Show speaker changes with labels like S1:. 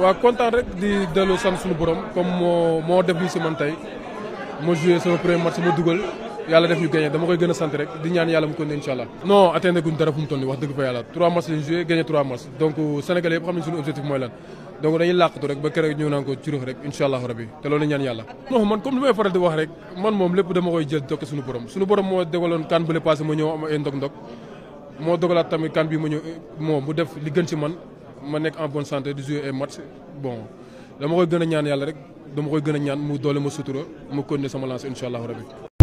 S1: waaw kontaan rek di dellu sant suñu borom comme moo moo def lii si man tey ma joué sama premier match ma dugal yàlla def ñu gagné dama koy gën sant rek di ñaan yàlla mu ko ne incha allah. non atteindre guñ dara fu mu toll nii wax dëgg fa yàlla trois matchs lañ joué gagné trois matchs donc euh, sénégalais yëpp xam nañ suñu objectif mooy lan donc dañuy làqatu rek ba keroog ñëw naan ko ci rek incha allah rabi te loolu ñaan yàlla. non man comme li may faral moo dogaloon kan bële tamit kan bi ma ñëw moo mu def li gën man Je suis en bonne santé di jouer ay match bon dama koy gën ñaan yàlla rek dama koy gën je ñaan mu